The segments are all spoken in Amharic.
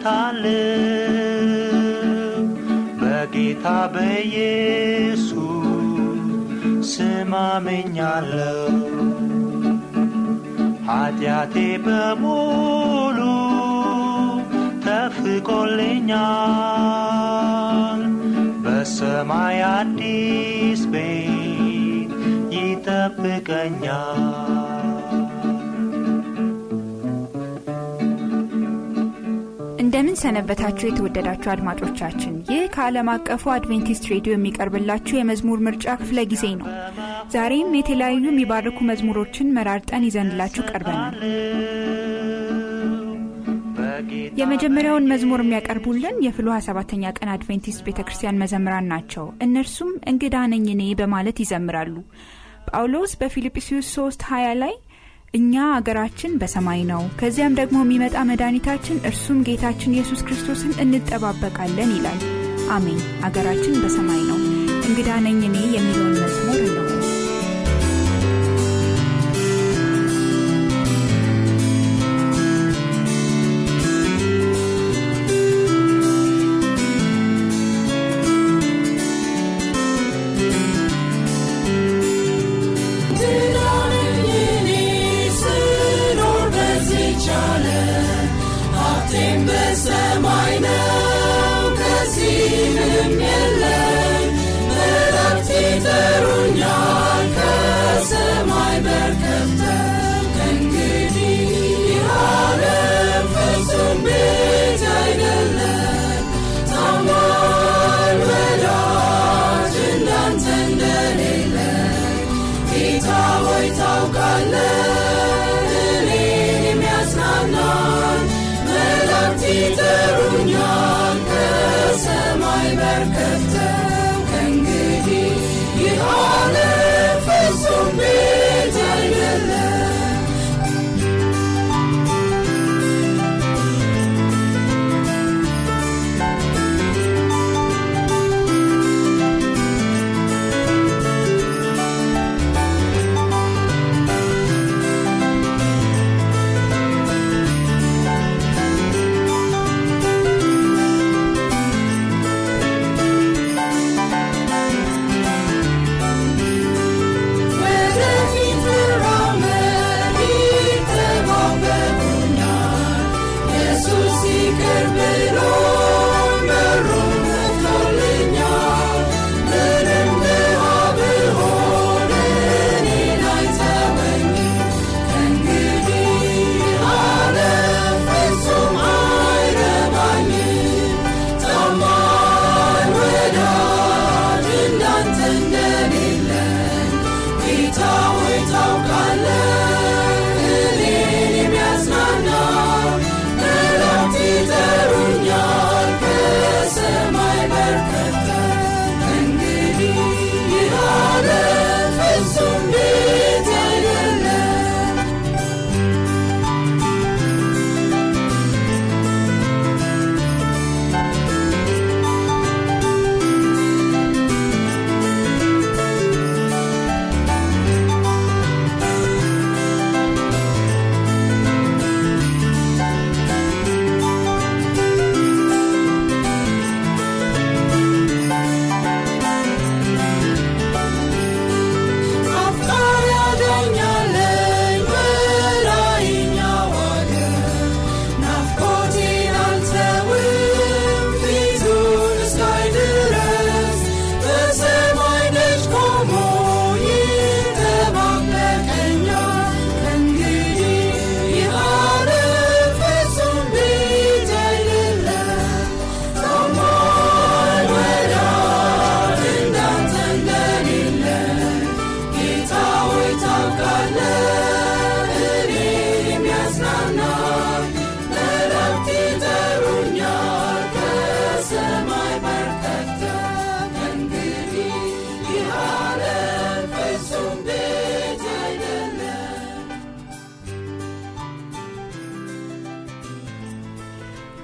እሞታለሁ በጌታ በኢየሱስ ስም አምኛለሁ። ኃጢአቴ በሙሉ ተፍቆልኛል። በሰማይ አዲስ ቤት ይጠብቀኛል። ሰነበታችሁ የተወደዳችሁ አድማጮቻችን፣ ይህ ከዓለም አቀፉ አድቬንቲስት ሬዲዮ የሚቀርብላችሁ የመዝሙር ምርጫ ክፍለ ጊዜ ነው። ዛሬም የተለያዩ የሚባርኩ መዝሙሮችን መራርጠን ይዘንላችሁ ቀርበናል። የመጀመሪያውን መዝሙር የሚያቀርቡልን የፍሉ ሰባተኛ ቀን አድቬንቲስት ቤተ ክርስቲያን መዘምራን ናቸው። እነርሱም እንግዳ ነኝ እኔ በማለት ይዘምራሉ። ጳውሎስ በፊልጵስዩስ 3 20 ላይ እኛ አገራችን በሰማይ ነው፣ ከዚያም ደግሞ የሚመጣ መድኃኒታችን እርሱም ጌታችን ኢየሱስ ክርስቶስን እንጠባበቃለን ይላል። አሜን። አገራችን በሰማይ ነው እንግዳ ነኝ እኔ የሚለውን Kerberos.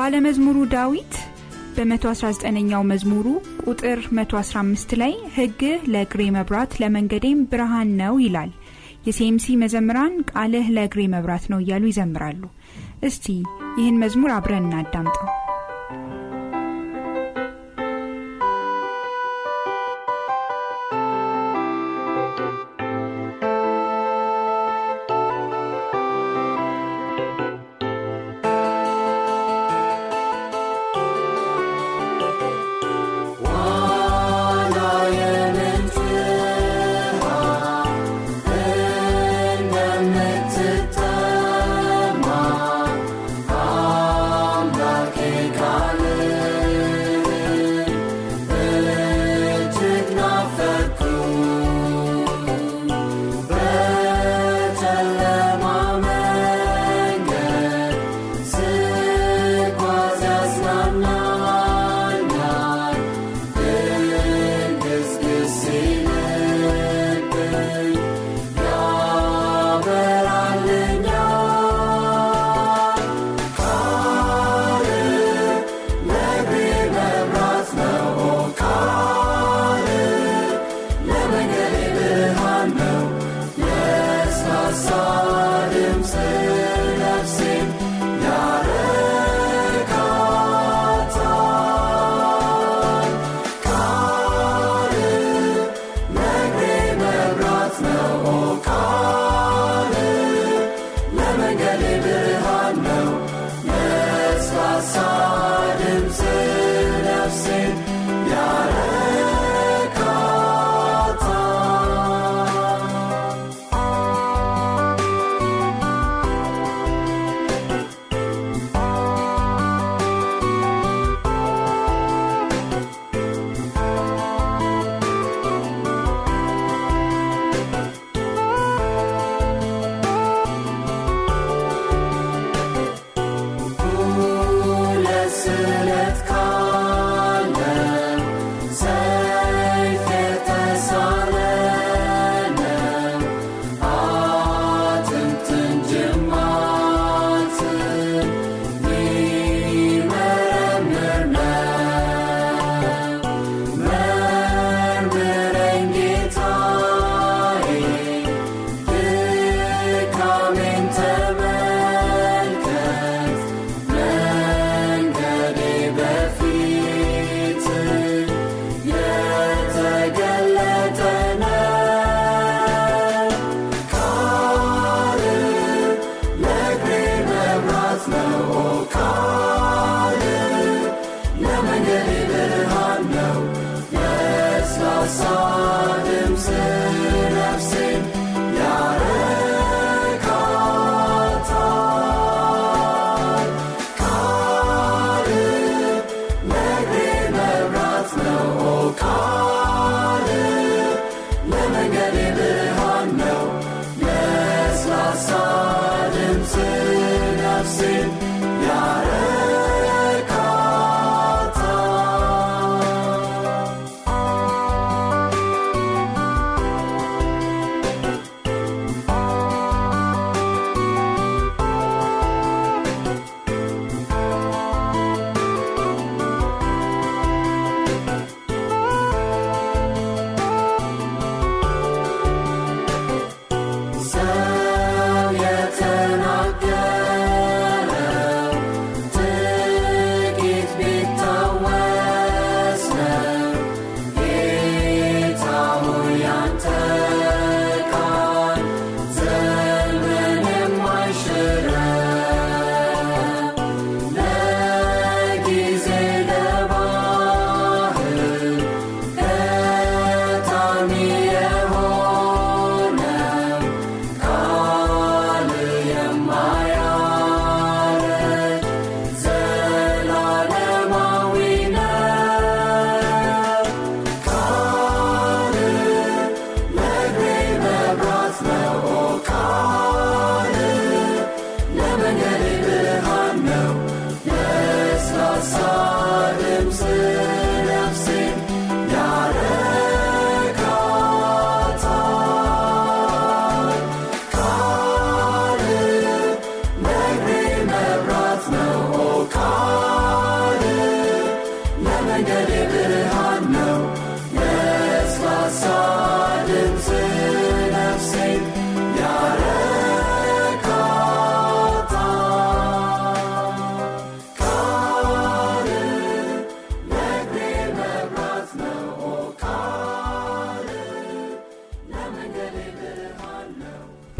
ባለመዝሙሩ ዳዊት በ119ኛው መዝሙሩ ቁጥር 115 ላይ ህግ ለእግሬ መብራት ለመንገዴም ብርሃን ነው ይላል። የሴምሲ መዘምራን ቃልህ ለእግሬ መብራት ነው እያሉ ይዘምራሉ። እስቲ ይህን መዝሙር አብረን እናዳምጠው።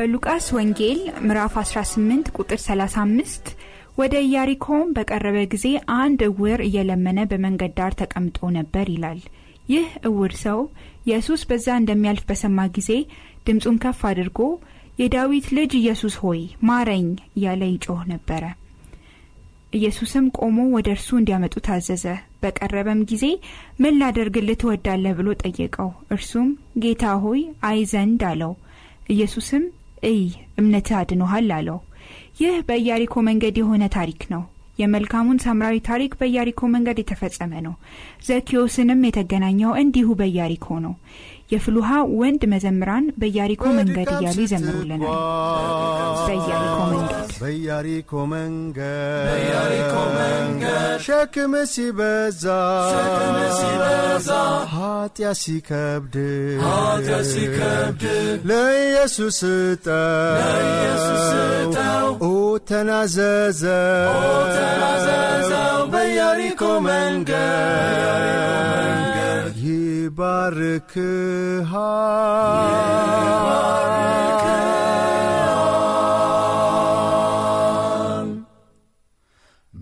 በሉቃስ ወንጌል ምዕራፍ 18 ቁጥር 35 ወደ ኢያሪኮም በቀረበ ጊዜ አንድ እውር እየለመነ በመንገድ ዳር ተቀምጦ ነበር ይላል። ይህ እውር ሰው ኢየሱስ በዛ እንደሚያልፍ በሰማ ጊዜ ድምፁን ከፍ አድርጎ የዳዊት ልጅ ኢየሱስ ሆይ ማረኝ እያለ ይጮህ ነበረ። ኢየሱስም ቆሞ ወደ እርሱ እንዲያመጡ ታዘዘ። በቀረበም ጊዜ ምን ላደርግልህ ትወዳለህ ብሎ ጠየቀው። እርሱም ጌታ ሆይ አይ ዘንድ አለው። ኢየሱስም እይ እምነትህ አድኖሃል አለው። ይህ በኢያሪኮ መንገድ የሆነ ታሪክ ነው። የመልካሙን ሳምራዊ ታሪክ በኢያሪኮ መንገድ የተፈጸመ ነው። ዘኪዮስንም የተገናኘው እንዲሁ በያሪኮ ነው። የፍሉሃ ወንድ መዘምራን በያሪኮ መንገድ እያሉ ይዘምሩልናል። በኢያሪኮ መንገድ በኢያሪኮ መንገድ ሸክም ሲበዛ ኃጢያ ሲከብድ ለኢየሱስ ስጠው ተናዘዘው በያሪኮ መንገድ ይባርክሃል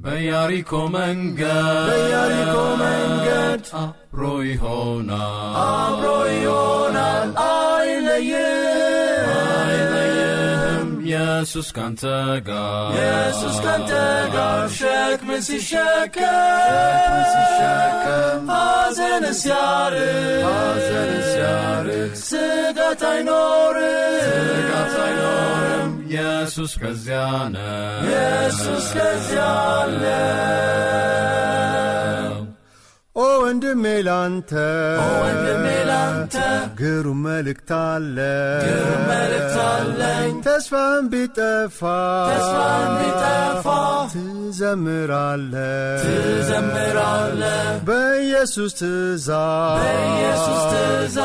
በያሪኮ መንገድ በያሪኮ መንገድ አብሮ ይሆናል አብሮ ይሆናል አይለይም ኢየሱስ ካንተ ጋር ኢየሱስ ካንተ ጋር ሲሸከም ሐዘን ሲያርቅ ስጋት አይኖርም። ኢየሱስ ከዚያ ነው። ኢየሱስ ከዚያ አለ። ወንድሜ ላንተ ግሩም መልእክት አለኝ ተስፋን ቢጠፋ ትዘምራለ በኢየሱስ ትእዛዝ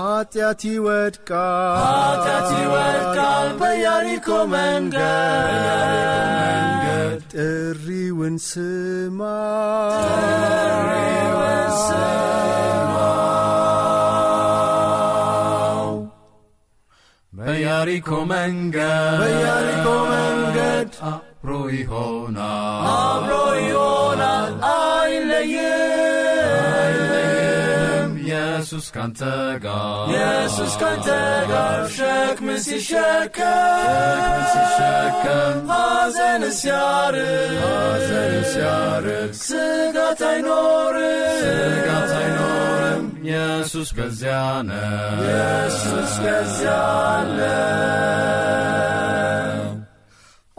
ኃጢአት ይወድቃል በያሪኮ መንገድ ጥሪውን ስማ سما بياريكو منجد بياريكو منجد ابروي هونا ابروي هونا አይለየ ኢየሱስ ካንተ ጋር ኢየሱስ ካንተ ጋር ሸክም ሲሸከም ሲሸከም ሐዘን ሲያርግ ሐዘን ሲያርግ ስጋት አይኖርም ስጋት አይኖርም ኢየሱስ በዚያ ነው ኢየሱስ በዚያ አለ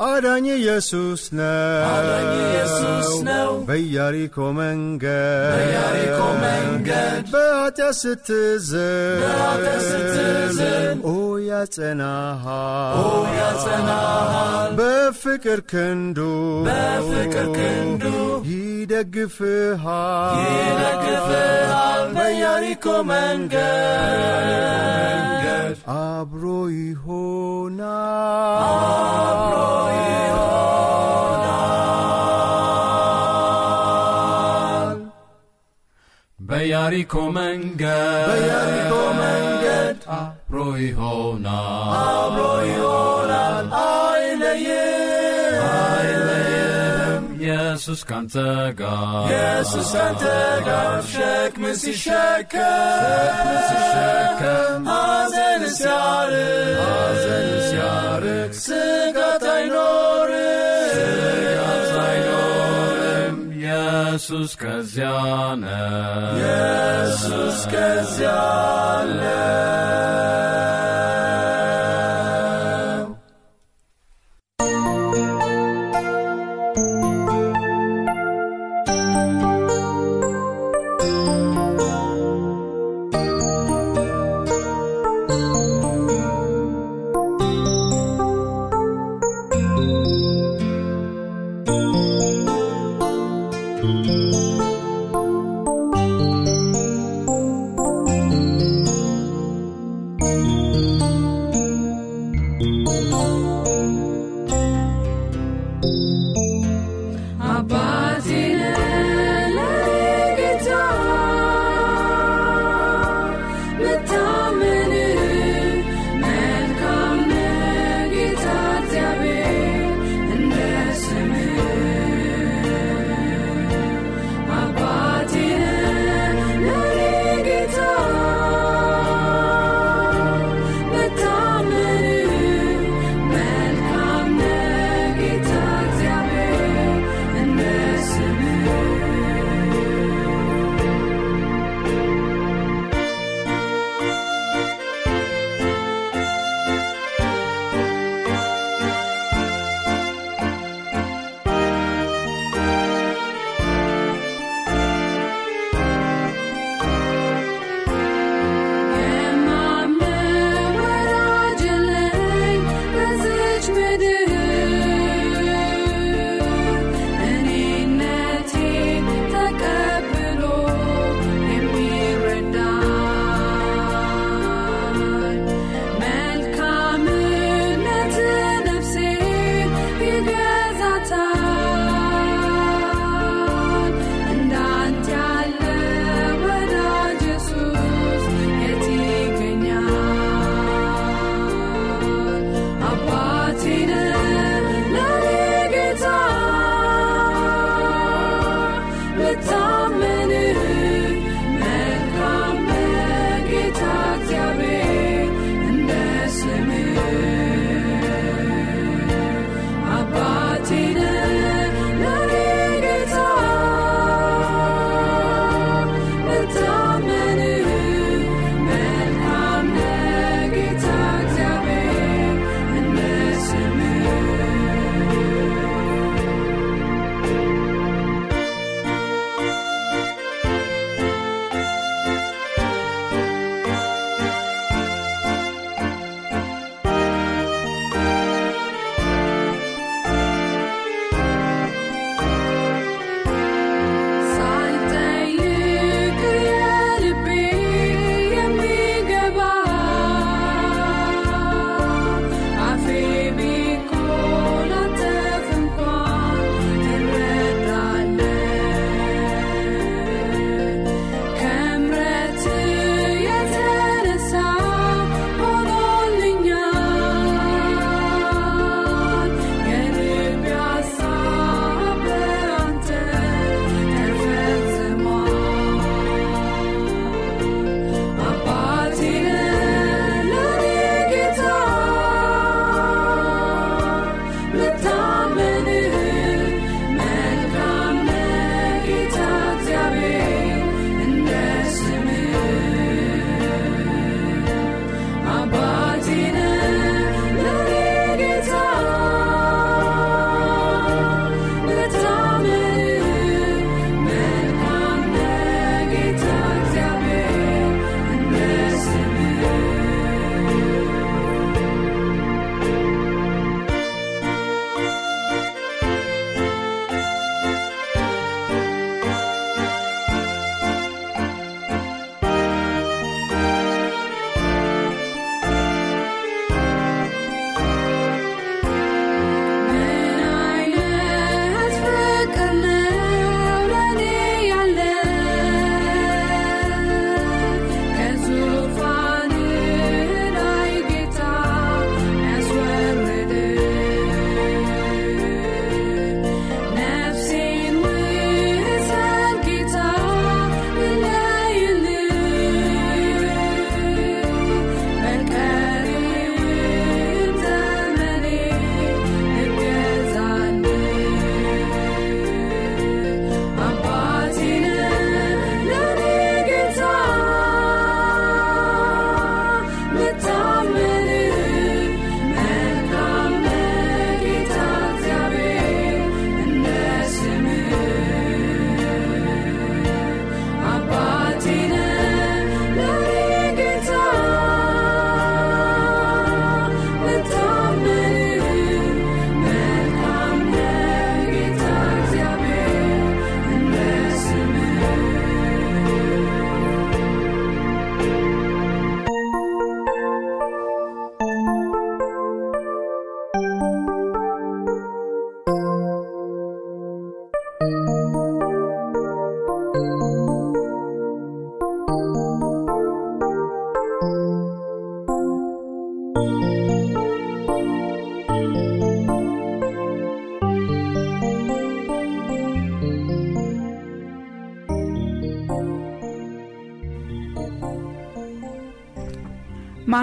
አዳኝ ኢየሱስ ነው በያሪኮ መንገድ በአጢያ ስትዝን ኦ ያጸናሃል በፍቅር ክንዱ በፍቅር ይደግፍሃል আরিকো ম্যাঙ্গার আব্রোই হো না Bayari komenge Bayari komenge ኢየሱስ ካንተ ጋር ኢየሱስ ካንተ ጋር ሸክም ሲሸከም ሐዘን ሲያርቅ ስጋት አይኖርም ኢየሱስ ከዚያ ነው ኢየሱስ ከዚያ ነው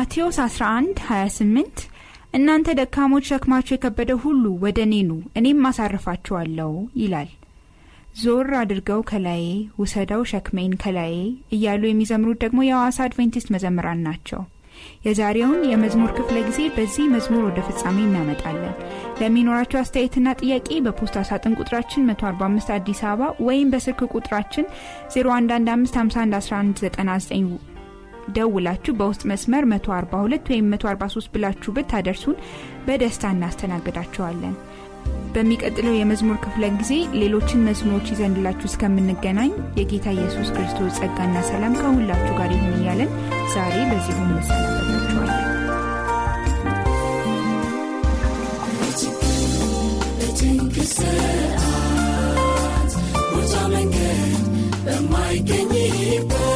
ማቴዎስ 11 28 እናንተ ደካሞች ሸክማችሁ የከበደ ሁሉ ወደ እኔኑ እኔም አሳርፋችኋለሁ ይላል። ዞር አድርገው ከላዬ ውሰደው ሸክሜን ከላዬ እያሉ የሚዘምሩት ደግሞ የዋሳ አድቬንቲስት መዘምራን ናቸው። የዛሬውን የመዝሙር ክፍለ ጊዜ በዚህ መዝሙር ወደ ፍጻሜ እናመጣለን። ለሚኖራቸው አስተያየትና ጥያቄ በፖስታ ሳጥን ቁጥራችን 145 አዲስ አበባ ወይም በስልክ ቁጥራችን 1199 ደውላችሁ በውስጥ መስመር 142 ወይም 143 ብላችሁ ብታደርሱን በደስታ እናስተናግዳቸዋለን። በሚቀጥለው የመዝሙር ክፍለ ጊዜ ሌሎችን መዝሙሮች ይዘንላችሁ እስከምንገናኝ የጌታ ኢየሱስ ክርስቶስ ጸጋና ሰላም ከሁላችሁ ጋር ይሁን እያለን ዛሬ በዚሁ እንሰናበታችኋለን። ሰዓት መንገድ በማይገኝበት